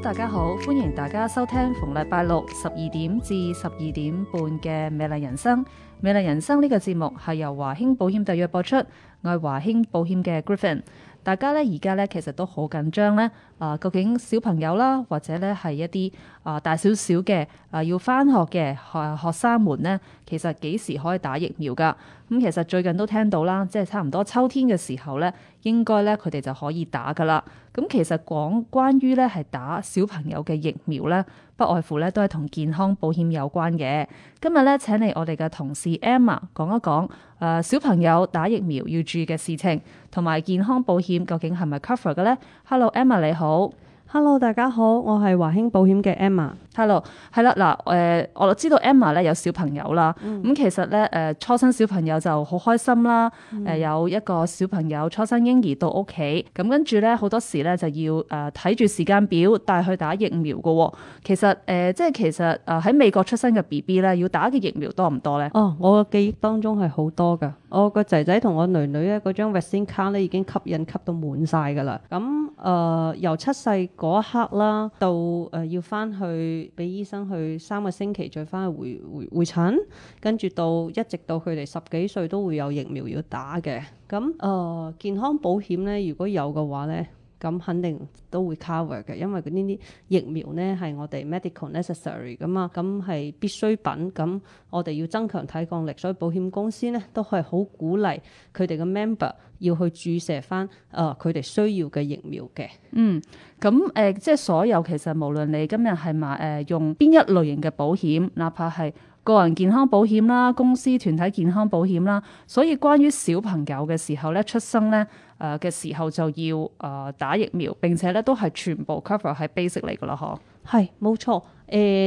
大家好，歡迎大家收聽逢禮拜六十二點至十二點半嘅美麗人生。美麗人生呢、這個節目係由華興保險特約播出。我係華興保險嘅 Griffin。大家咧而家咧其實都好緊張咧。啊，究竟小朋友啦，或者咧係一啲啊大少少嘅啊要翻學嘅學、啊、學生們呢，其實幾時可以打疫苗噶？咁、嗯、其實最近都聽到啦，即係差唔多秋天嘅時候咧，應該咧佢哋就可以打噶啦。咁其實講關於咧係打小朋友嘅疫苗咧，不外乎咧都係同健康保險有關嘅。今日咧請嚟我哋嘅同事 Emma 講一講誒、呃、小朋友打疫苗要注意嘅事情，同埋健康保險究竟係咪 cover 嘅咧？Hello，Emma 你好。hello，大家好，我係華興保險嘅 Emma。hello，係啦嗱，誒，我知道 Emma 咧有小朋友啦，咁、嗯、其實咧，誒、呃，初生小朋友就好開心啦，誒、嗯呃，有一個小朋友初生嬰兒到屋企，咁跟住咧好多時咧就要誒睇住時間表帶去打疫苗噶、哦。其實誒、呃，即係其實誒喺、呃、美國出生嘅 BB 咧要打嘅疫苗多唔多咧？哦，我記憶當中係好多噶，我個仔仔同我女女咧嗰張 vaccine card 咧已經吸引吸到滿晒噶啦。咁、嗯、誒、呃、由出世。嗰一刻啦，到誒、呃、要翻去俾醫生去三個星期，再翻去回回回診，跟住到一直到佢哋十幾歲都會有疫苗要打嘅。咁誒、呃、健康保險咧，如果有嘅話咧。咁肯定都會 cover 嘅，因為呢啲疫苗咧係我哋 medical necessary 噶嘛，咁係必需品，咁我哋要增強抵抗力，所以保險公司咧都係好鼓勵佢哋嘅 member 要去注射返誒佢哋需要嘅疫苗嘅。嗯，咁誒、呃、即係所有其實無論你今日係買誒用邊一類型嘅保險，哪怕係，個人健康保險啦，公司團體健康保險啦，所以關於小朋友嘅時候咧，出生咧誒嘅時候就要誒打疫苗，並且咧都係全部 cover 喺 basic 嚟㗎啦，嗬，係冇錯，誒、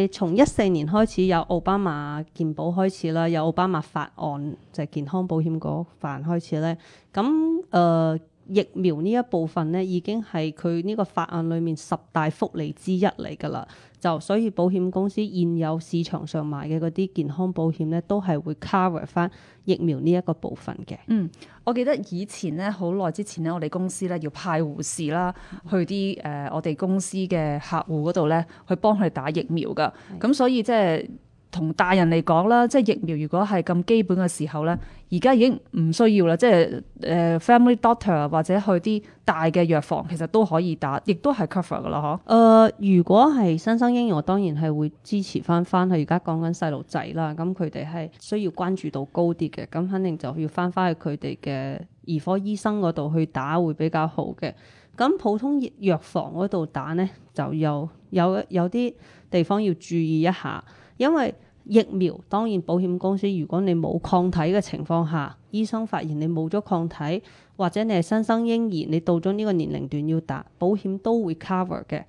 呃、從一四年開始有奧巴馬健保開始啦，有奧巴馬法案就係、是、健康保險嗰範開始咧，咁誒。呃疫苗呢一部分咧，已經係佢呢個法案裏面十大福利之一嚟㗎啦。就所以保險公司現有市場上買嘅嗰啲健康保險咧，都係會 cover 翻疫苗呢一個部分嘅。嗯，我記得以前咧，好耐之前咧，我哋公司咧要派護士啦，去啲誒我哋公司嘅客戶嗰度咧，去幫佢打疫苗噶。咁的所以即係。同大人嚟講啦，即係疫苗，如果係咁基本嘅時候咧，而家已經唔需要啦。即係誒、呃、family doctor 或者去啲大嘅藥房，其實都可以打，亦都係 cover 㗎啦，嚇。誒，如果係新生嬰兒，我當然係會支持翻翻去。而家講緊細路仔啦，咁佢哋係需要關注度高啲嘅，咁肯定就要翻翻去佢哋嘅兒科醫生嗰度去打會比較好嘅。咁普通藥房嗰度打咧，就有有有啲地方要注意一下。因為疫苗當然保險公司，如果你冇抗體嘅情況下，醫生發現你冇咗抗體，或者你係新生嬰兒，你到咗呢個年齡段要打，保險都會 cover 嘅。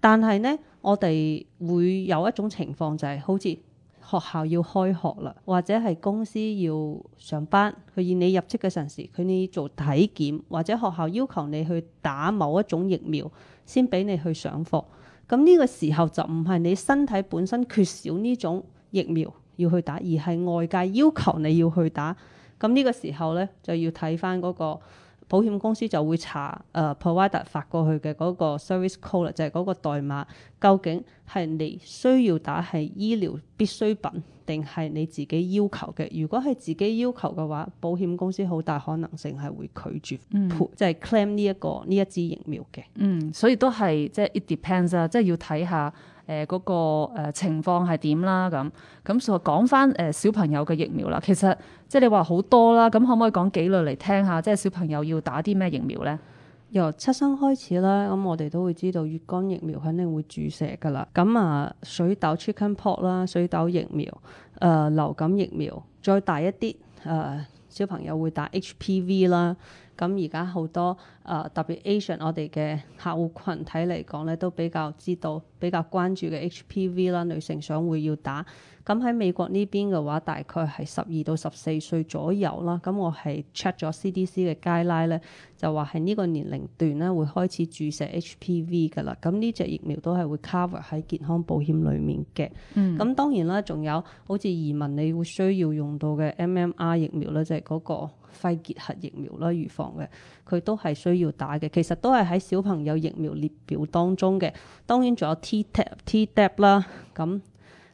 但係呢，我哋會有一種情況就係，好似學校要開學啦，或者係公司要上班，佢要你入職嘅陣時，佢你做體檢，或者學校要求你去打某一種疫苗先俾你去上課。咁呢個時候就唔係你身體本身缺少呢種疫苗要去打，而係外界要求你要去打。咁呢個時候咧就要睇翻嗰個。保險公司就會查誒 provider、呃、發過去嘅嗰個 service code 啦，就係嗰個代碼，究竟係你需要打係醫療必需品，定係你自己要求嘅？如果係自己要求嘅話，保險公司好大可能性係會拒絕即係 claim 呢一個呢一支疫苗嘅。嗯，所以都係即係 it depends 啊，即係要睇下。誒嗰、呃那個、呃、情況係點啦？咁咁就講翻誒小朋友嘅疫苗啦，其實即係你話好多啦，咁可唔可以講幾類嚟聽下？即、就、係、是、小朋友要打啲咩疫苗咧？由出生開始啦，咁、嗯、我哋都會知道乙肝疫苗肯定會注射㗎啦。咁、嗯、啊，水痘 Chickenpox 啦，水痘疫苗，誒、呃、流感疫苗，再大一啲，誒、呃、小朋友會打 HPV 啦。咁而家好多誒、呃、特別 Asian 我哋嘅客戶群體嚟講咧，都比較知道比較關注嘅 HPV 啦，女性想會要打。咁喺美國呢邊嘅話，大概係十二到十四歲左右啦。咁我係 check 咗 CDC 嘅 guideline 咧，就話係呢個年齡段咧會開始注射 HPV 噶啦。咁呢隻疫苗都係會 cover 喺健康保險裏面嘅。嗯。咁當然啦，仲有好似移民，你會需要用到嘅 MMR 疫苗咧，就係、是、嗰、那個。肺結核疫苗啦，預防嘅，佢都係需要打嘅，其實都係喺小朋友疫苗列表當中嘅。當然仲有 Tdap、Tdap 啦，咁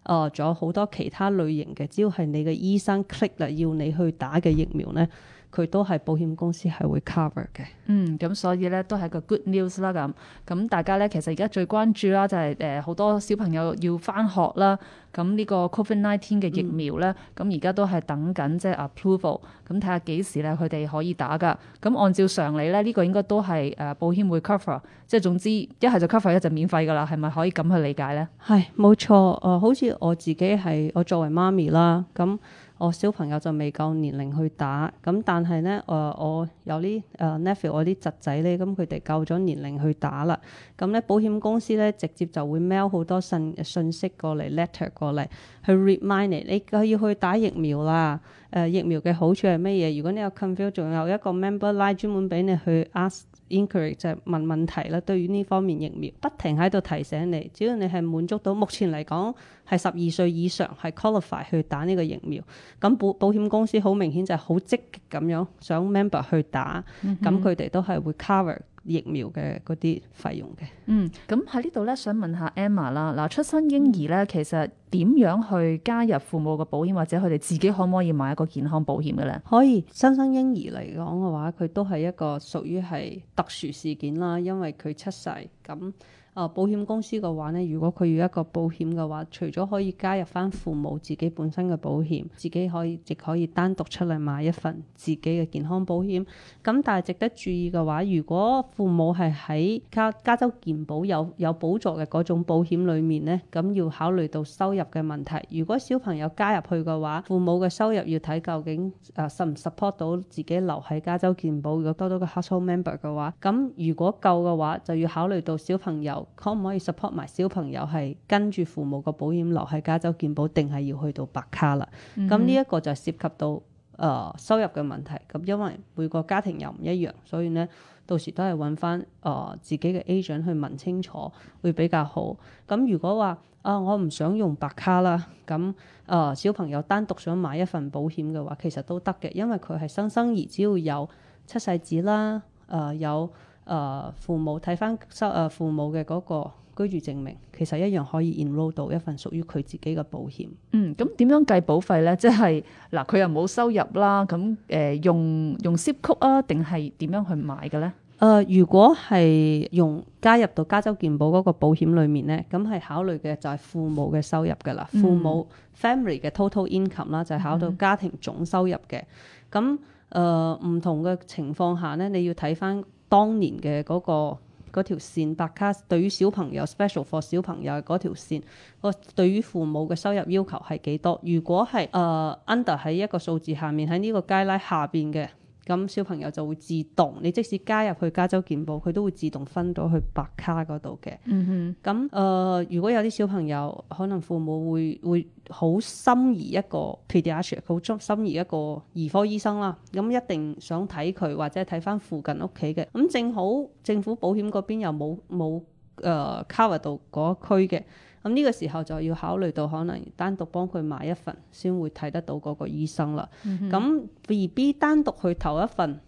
啊仲有好多其他類型嘅，只要係你嘅醫生 click 啦，要你去打嘅疫苗咧。佢都係保險公司係會 cover 嘅。嗯，咁所以咧都係個 good news 啦。咁咁大家咧其實而家最關注啦、就係，就係誒好多小朋友要翻學啦。咁呢個 Covid nineteen 嘅疫苗咧，咁而家都係等緊即係 approval。咁睇下幾時咧佢哋可以打㗎。咁按照常理咧，呢、呢個應該都係誒保險會 cover。即係總之一係就 cover，一就免費㗎啦。係咪可以咁去理解咧？係冇錯。哦、呃，好似我自己係我作為媽咪啦。咁、嗯我小朋友就未夠年齡去打，咁但係咧，誒我，我有啲誒 nephew 我啲侄仔咧，咁佢哋夠咗年齡去打啦，咁咧保險公司咧直接就會 mail 好多信信息過嚟 letter 過嚟去 remind 你，你佢要去打疫苗啦，誒、呃、疫苗嘅好處係乜嘢？如果你有 confusion，仲有一個 member line 專門俾你去 ask。Inquiry，就係問問題啦，對於呢方面疫苗，不停喺度提醒你，只要你係滿足到目前嚟講係十二歲以上係 qualify 去打呢個疫苗，咁保保險公司好明顯就係好積極咁樣想 member 去打，咁佢哋都係會 cover。疫苗嘅嗰啲費用嘅，嗯，咁喺呢度咧，想問下 Emma 啦，嗱出生嬰兒咧，其實點樣去加入父母嘅保險，嗯，或者佢哋自己可唔可以買一個健康保險嘅咧？可以，新生嬰兒嚟講嘅話，佢都係一個屬於係特殊事件啦，因為佢出世咁。啊、呃，保險公司嘅話咧，如果佢要一個保險嘅話，除咗可以加入翻父母自己本身嘅保險，自己可以亦可以單獨出嚟買一份自己嘅健康保險。咁、嗯、但係值得注意嘅話，如果父母係喺加加州健保有有補助嘅嗰種保險裏面咧，咁、嗯、要考慮到收入嘅問題。如果小朋友加入去嘅話，父母嘅收入要睇究竟啊、呃、support 唔 support 到自己留喺加州健保有多多個 household member 嘅話，咁、嗯嗯、如果夠嘅話，就要考慮到小朋友。可唔可以 support 埋小朋友係跟住父母個保險留喺加州健保，定係要去到白卡啦？咁呢一個就涉及到誒、呃、收入嘅問題。咁因為每個家庭又唔一樣，所以咧，到時都係揾翻誒自己嘅 agent 去問清楚會比較好。咁如果話啊、呃，我唔想用白卡啦，咁誒、呃、小朋友單獨想買一份保險嘅話，其實都得嘅，因為佢係新生兒，只要有出世紙啦，誒、呃、有。誒、呃、父母睇翻收誒父母嘅嗰個居住證明，其實一樣可以 enroll 到一份屬於佢自己嘅保險。嗯，咁點樣計保費咧？即係嗱，佢又冇收入啦，咁誒、呃、用用折扣啊，定係點樣去買嘅咧？誒、呃，如果係用加入到加州健保嗰個保險裏面咧，咁係考慮嘅就係父母嘅收入嘅啦。嗯、父母 family 嘅 total income 啦、嗯，就係考到家庭總收入嘅。咁誒唔同嘅情況下咧，你要睇翻。當年嘅嗰、那個嗰條線，白卡對於小朋友 special for 小朋友嗰條線，個對於父母嘅收入要求係幾多？如果係誒、呃、under 喺一個數字下面，喺呢個 guideline 下邊嘅。咁小朋友就會自動，你即使加入去加州健保，佢都會自動分到去白卡嗰度嘅。咁誒、嗯哼呃，如果有啲小朋友，可能父母會會好心儀一個 pediatric，好心儀一個兒科醫生啦。咁一定想睇佢，或者睇返附近屋企嘅。咁正好政府保險嗰邊又冇冇誒 cover 到嗰區嘅。咁呢個時候就要考慮到可能單獨幫佢買一份，先會睇得到嗰個醫生啦。咁 B B 單獨去投一份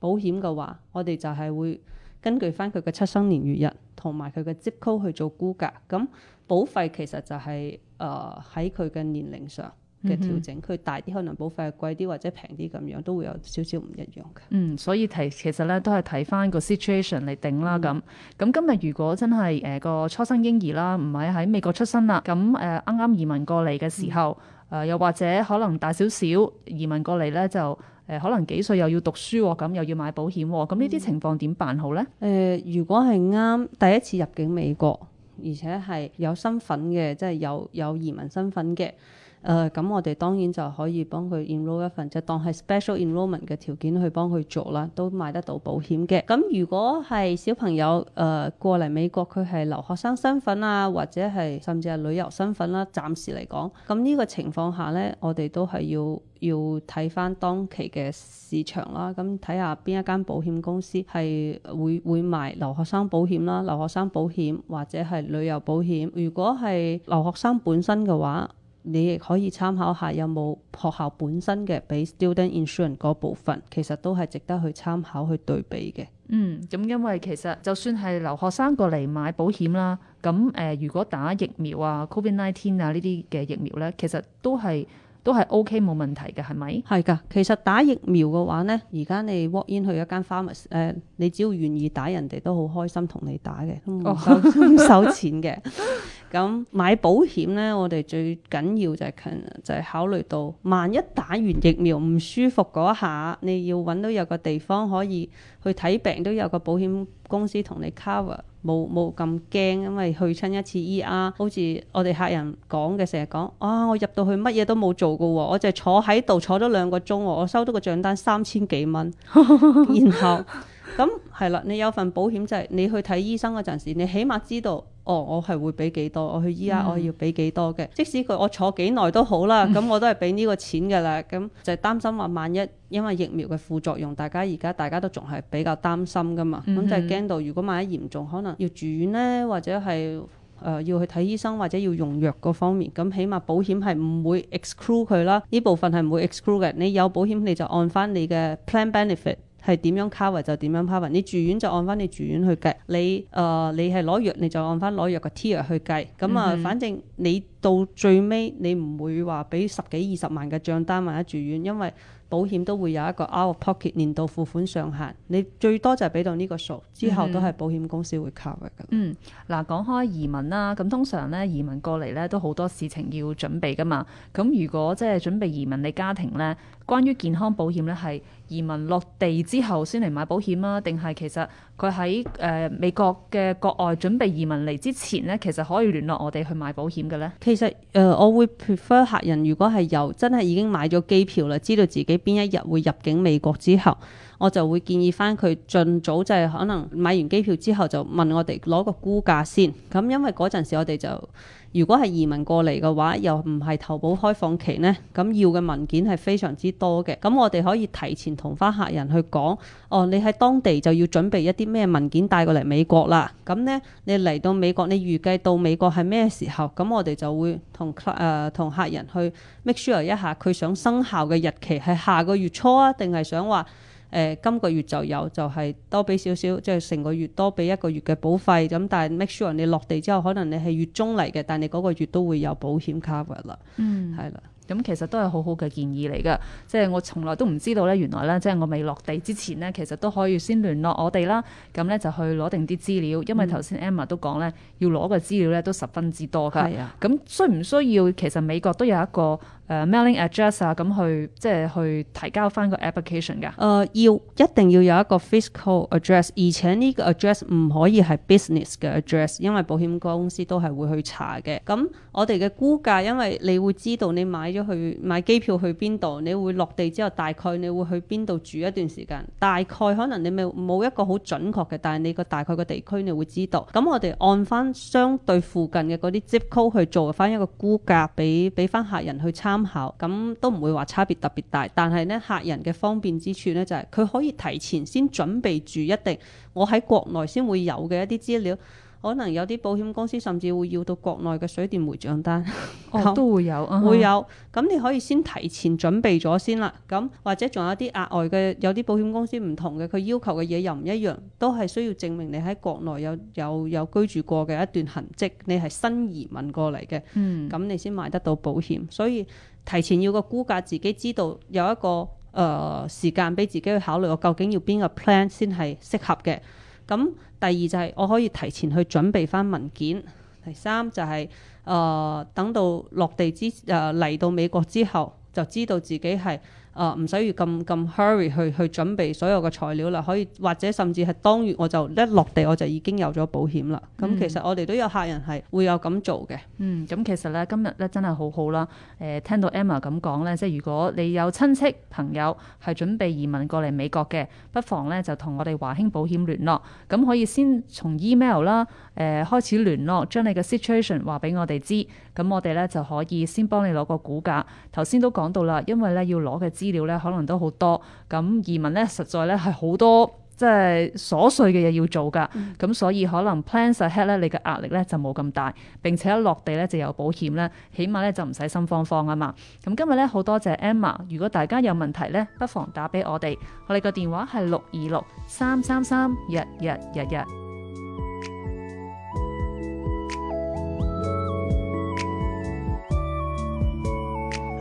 保險嘅話，我哋就係會根據翻佢嘅出生年月日同埋佢嘅 Zip Code 去做估價。咁保費其實就係誒喺佢嘅年齡上嘅調整，佢大啲可能保費係貴啲或者平啲咁樣，都會有少少唔一樣嘅。嗯，所以睇其實咧都係睇翻個 situation 嚟定啦。咁咁、嗯、今日如果真係誒、呃、個初生嬰兒啦，唔係喺美國出生啦，咁誒啱啱移民過嚟嘅時候，誒又、嗯呃、或者可能大少少移民過嚟咧，就誒、呃、可能幾歲又要讀書喎、啊，咁又要買保險喎、啊，咁呢啲情況點辦好咧？誒、嗯呃，如果係啱第一次入境美國，而且係有身份嘅，即、就、係、是、有有，有移民身份嘅。誒咁，呃、我哋當然就可以幫佢 enroll 一份，即、就、係、是、當係 special enrollment 嘅條件去幫佢做啦，都買得到保險嘅。咁如果係小朋友誒、呃、過嚟美國，佢係留學生身份啊，或者係甚至係旅遊身份啦、啊，暫時嚟講，咁呢個情況下呢，我哋都係要要睇返當期嘅市場啦，咁睇下邊一間保險公司係會會賣留學生保險啦、留學生保險或者係旅遊保險。如果係留學生本身嘅話，你亦可以參考下有冇學校本身嘅俾 student insurance 嗰部分，其實都係值得去參考去對比嘅、嗯。嗯，咁因為其實就算係留學生過嚟買保險啦，咁誒、呃、如果打疫苗啊，Covid nineteen 啊呢啲嘅疫苗咧，其實都係都係 O K 冇問題嘅，係咪？係噶，其實打疫苗嘅話咧，而家你 walk in 去一間 pharmacy 誒、呃、你只要願意打人哋都好開心同你打嘅，都唔收錢嘅。 咁、嗯、買保險呢，我哋最緊要就係、是、強，就係、是、考慮到萬一打完疫苗唔舒服嗰下，你要揾到有個地方可以去睇病，都有個保險公司同你 cover，冇冇咁驚，因為去親一次 ER，好似我哋客人講嘅，成日講啊，我入到去乜嘢都冇做過，我就係坐喺度坐咗兩個鐘，我收到個賬單三千幾蚊，然後。 咁係啦，你有份保險就係、是、你去睇醫生嗰陣時，你起碼知道，哦，我係會俾幾多，我去醫啊，嗯、哼我要俾幾多嘅。即使佢我坐幾耐都好啦，咁、嗯、哼我都係俾呢個錢嘅啦。咁就擔心話，萬一因為疫苗嘅副作用，大家而家大家都仲係比較擔心噶嘛。咁、嗯、哼就係驚到，如果萬一嚴重，可能要住院呢，或者係誒、呃、要去睇醫生，或者要用藥嗰方面。咁起碼保險係唔會 exclude 佢啦，呢部分係唔會 exclude 嘅。你有保險你就按翻你嘅 plan benefit。係點樣 cover 就點樣 cover，你住院就按翻你住院去計，你誒、呃、你係攞藥你就按翻攞藥個 tier 去計，咁啊反正你到最尾你唔會話俾十幾二十萬嘅帳單或者住院，因為保險都會有一個 out of pocket 年度付款上限，你最多就係俾到呢個數，之後都係保險公司會 cover 嘅、嗯。嗯，嗱、嗯、講開移民啦，咁通常咧移民過嚟咧都好多事情要準備噶嘛，咁如果即係準備移民你家庭咧。關於健康保險咧，係移民落地之後先嚟買保險啊，定係其實佢喺誒美國嘅國外準備移民嚟之前咧，其實可以聯絡我哋去買保險嘅咧。其實誒、呃，我會 prefer 客人如果係由真係已經買咗機票啦，知道自己邊一日會入境美國之後，我就會建議返佢盡早就係可能買完機票之後就問我哋攞個估價先。咁因為嗰陣時我哋就如果係移民過嚟嘅話，又唔係投保開放期呢，咁要嘅文件係非常之多嘅。咁我哋可以提前同返客人去講，哦，你喺當地就要準備一啲咩文件帶過嚟美國啦。咁呢，你嚟到美國，你預計到美國係咩時候？咁我哋就會同誒同客人去 make sure 一下，佢想生效嘅日期係下個月初啊，定係想話？誒、呃、今個月就有，就係、是、多俾少少，即係成個月多俾一個月嘅保費咁，但係 make sure 你落地之後，可能你係月中嚟嘅，但係你嗰個月都會有保險 cover、嗯、啦，係啦、嗯，咁其實都係好好嘅建議嚟噶，即、就、係、是、我從來都唔知道呢，原來呢，即、就、係、是、我未落地之前呢，其實都可以先聯絡我哋啦，咁呢，就去攞定啲資料，因為頭先 Emma 都講呢，嗯、要攞嘅資料呢都十分之多㗎，咁、啊嗯嗯嗯、需唔需要其實美國都有一個？誒 mailing address 啊，咁去即係去提交翻個 application 嘅誒要一定要有一個 physical address，而且呢個 address 唔可以係 business 嘅 address，因為保險公司都係會去查嘅。咁我哋嘅估價，因為你會知道你買咗去買機票去邊度，你會落地之後大概你會去邊度住一段時間，大概可能你咪冇一個好準確嘅，但係你個大概個地區你會知道。咁我哋按翻相對附近嘅嗰啲 zip code 去做翻一個估價俾俾翻客人去參考。咁都唔會話差別特別大，但係呢，客人嘅方便之處呢，就係佢可以提前先準備住一定我喺國內先會有嘅一啲資料。可能有啲保險公司甚至會要到國內嘅水電煤賬單 咁、哦，都會有， 會有。咁你可以先提前準備咗先啦。咁或者仲有啲額外嘅，有啲保險公司唔同嘅，佢要求嘅嘢又唔一樣，都係需要證明你喺國內有有有，有居住過嘅一段痕跡，你係新移民過嚟嘅。嗯。咁你先買得到保險，所以提前要個估價，自己知道有一個誒、呃、時間俾自己去考慮，我究竟要邊個 plan 先係適合嘅。咁第二就係我可以提前去準備返文件，第三就係、是、誒、呃、等到落地之誒嚟、呃、到美國之後，就知道自己係。啊，唔使要咁咁 hurry 去去準備所有嘅材料啦，可以或者甚至係當月我就一落地我就已經有咗保險啦。咁、嗯、其實我哋都有客人係會有咁做嘅、嗯。嗯，咁其實咧今日咧真係好好啦。誒、呃，聽到 Emma 咁講咧，即係如果你有親戚朋友係準備移民過嚟美國嘅，不妨咧就同我哋華興保險聯絡。咁可以先從 email 啦，誒、呃、開始聯絡，將你嘅 situation 話俾我哋知。咁我哋咧就可以先幫你攞個估價，頭先都講到啦，因為咧要攞嘅資料咧可能都好多，咁移民咧實在咧係好多即係瑣碎嘅嘢要做噶，咁所以可能 plan ahead 咧你嘅壓力咧就冇咁大，並且一落地咧就有保險咧，起碼咧就唔使心慌慌啊嘛。咁今日咧好多謝 Emma，如果大家有問題咧，不妨打俾我哋，我哋個電話係六二六三三三一一一一。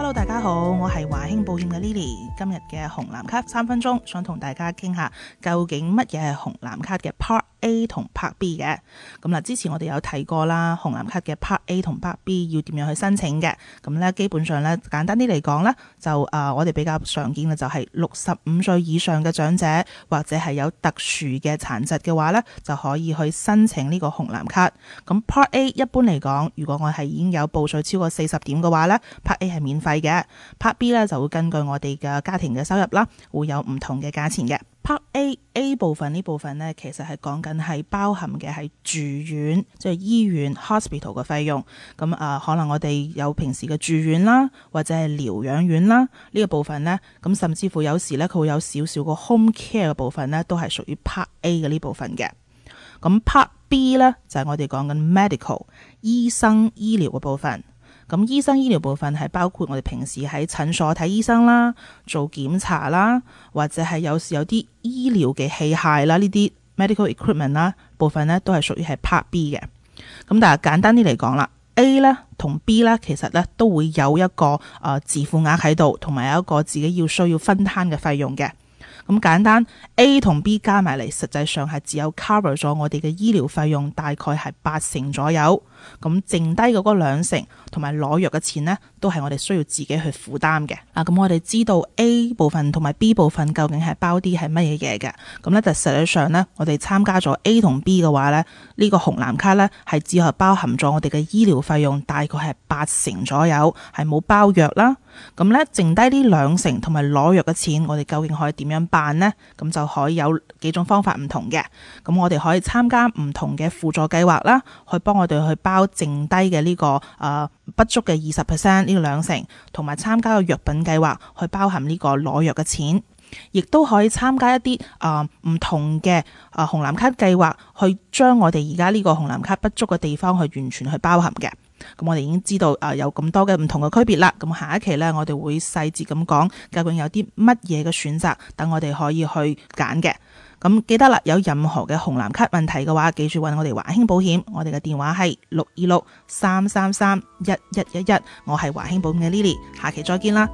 Hello, 大家好，我係華興保險嘅 Lily，今日嘅紅藍卡三分鐘，想同大家傾下究竟乜嘢係紅藍卡嘅 part A 同 Part B 嘅，咁嗱，之前我哋有睇過啦，紅藍卡嘅 Part A 同 Part B 要點樣去申請嘅，咁咧基本上咧，簡單啲嚟講咧，就誒、呃，我哋比較常見嘅就係六十五歲以上嘅長者或者係有特殊嘅殘疾嘅話咧，就可以去申請呢個紅藍卡。咁 Part A 一般嚟講，如果我係已經有報稅超過四十點嘅話咧，Part A 係免費嘅，Part B 咧就會根據我哋嘅家庭嘅收入啦，會有唔同嘅價錢嘅。A A 部分呢，部分呢，其實係講緊係包含嘅係住院，即係醫院 hospital 嘅費用。咁啊、呃，可能我哋有平時嘅住院啦，或者係療養院啦，呢個部分呢，咁甚至乎有時呢，佢會有少少個 home care 嘅部分呢，都係屬於 part A 嘅呢部分嘅。咁 part B 呢，就係我哋講緊 medical 醫生醫療嘅部分。咁醫生醫療部分係包括我哋平時喺診所睇醫生啦、做檢查啦，或者係有時有啲醫療嘅器械啦，呢啲 medical equipment 啦，部分呢都係屬於係 part B 嘅。咁但係簡單啲嚟講啦，A 咧同 B 啦，其實呢都會有一個誒、呃、自付額喺度，同埋有一個自己要需要分攤嘅費用嘅。咁簡單，A 同 B 加埋嚟，實際上係只有 cover 咗我哋嘅醫療費用，大概係八成左右。咁剩低嗰兩成同埋攞藥嘅錢呢，都係我哋需要自己去負擔嘅。啊，咁、嗯、我哋知道 A 部分同埋 B 部分究竟係包啲係乜嘢嘢嘅？咁呢就實際上呢，我哋參加咗 A 同 B 嘅話呢，呢、呢個紅藍卡呢，係只係包含咗我哋嘅醫療費用，大概係八成左右，係冇包藥啦。咁、嗯、呢，剩低呢兩成同埋攞藥嘅錢，我哋究竟可以點樣辦呢？咁、嗯、就可以有幾種方法唔同嘅。咁、嗯、我哋可以參加唔同嘅輔助計劃啦，去幫我哋去。包剩低嘅呢個誒不足嘅二十 percent 呢個兩成，同埋參加個藥品計劃，去包含呢個攞藥嘅錢，亦都可以參加一啲誒唔同嘅誒紅藍卡計劃，去將我哋而家呢個紅藍卡不足嘅地方去完全去包含嘅。咁我哋已經知道誒有咁多嘅唔同嘅區別啦。咁下一期呢，我哋會細節咁講究竟有啲乜嘢嘅選擇，等我哋可以去揀嘅。咁記得啦，有任何嘅紅藍卡問題嘅話，記住揾我哋華興保險，我哋嘅電話係六二六三三三一一一一，11 11, 我係華興保險嘅 Lily，下期再見啦。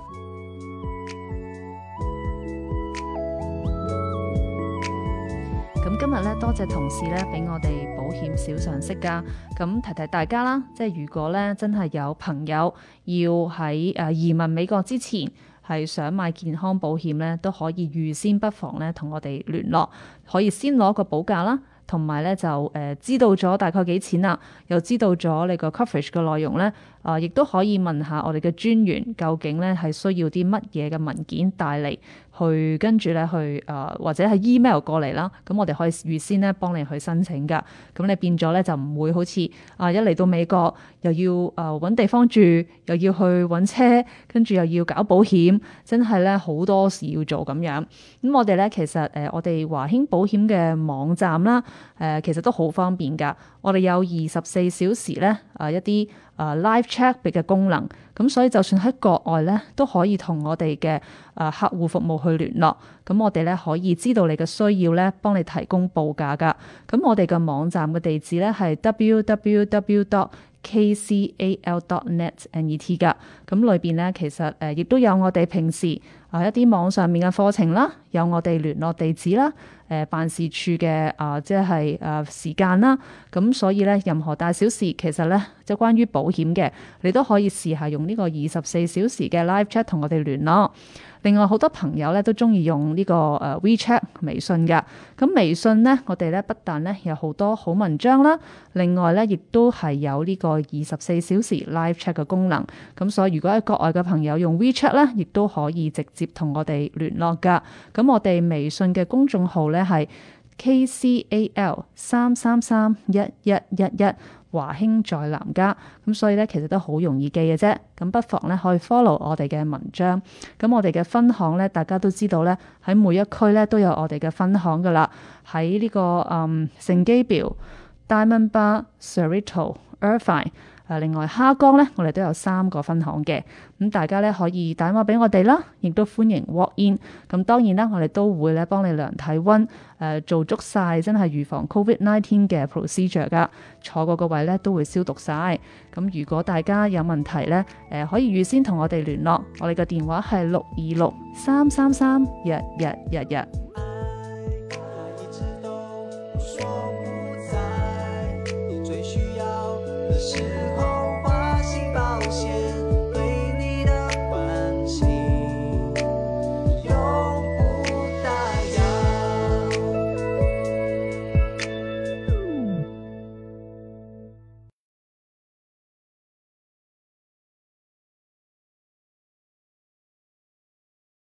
咁今日呢，多謝同事呢，俾我哋保險小常識㗎，咁提提大家啦，即係如果呢真係有朋友要喺誒移民美國之前。係想買健康保險咧，都可以預先不妨咧同我哋聯絡，可以先攞個報價啦，同埋咧就誒、呃、知道咗大概幾錢啦，又知道咗你個 coverage 嘅內容咧。啊，亦都、呃、可以問下我哋嘅專員，究竟咧係需要啲乜嘢嘅文件帶嚟，去跟住咧去啊、呃，或者係 email 過嚟啦。咁、嗯、我哋可以預先咧幫你去申請噶。咁你變咗咧就唔會好似啊一嚟到美國又要啊揾、呃、地方住，又要去揾車，跟住又要搞保險，真係咧好多事要做咁樣。咁、嗯、我哋咧其實誒、呃、我哋華興保險嘅網站啦，誒、呃、其實都好方便噶。我哋有二十四小時咧，啊一啲啊 live chat 嘅功能，咁所以就算喺國外咧都可以同我哋嘅啊客戶服務去聯絡。咁我哋咧可以知道你嘅需要咧，幫你提供報價噶。咁我哋嘅網站嘅地址咧係 w w w dot k c a l dot net n e t 噶。咁裏邊咧其實誒亦都有我哋平時，啊！一啲網上面嘅課程啦，有我哋聯絡地址啦，誒、呃、辦事處嘅啊，即係啊、呃、時間啦，咁所以咧，任何大小事其實咧，即係關於保險嘅，你都可以試下用呢個二十四小時嘅 live chat 同我哋聯絡。另外好多朋友咧都中意用呢、這個誒、uh, WeChat 微信嘅，咁微信咧我哋咧不但咧有好多好文章啦，另外咧亦都係有呢個二十四小時 Live Chat 嘅功能，咁所以如果喺國外嘅朋友用 WeChat 咧，亦都可以直接同我哋聯絡嘅，咁我哋微信嘅公眾號咧係。KCAL 三三三一一一一，11 11，華興在南加，咁所以咧其實都好容易記嘅啫，咁不妨咧可以 follow 我哋嘅文章，咁我哋嘅分行咧大家都知道咧喺每一區咧都有我哋嘅分行噶啦，喺呢個嗯聖蓋博、Diamond Bar、Cerritos、Irvine。誒另外哈崗呢，我哋都有三個分行嘅，咁大家呢，可以打電話俾我哋啦，亦都歡迎 walk in。咁當然啦，我哋都會咧幫你量體温，誒做足晒真係預防 covid nineteen 嘅 procedure 噶。坐過個位呢，都會消毒晒。咁如果大家有問題呢，誒可以預先同我哋聯絡，我哋嘅電話係六二六三三三日日日日。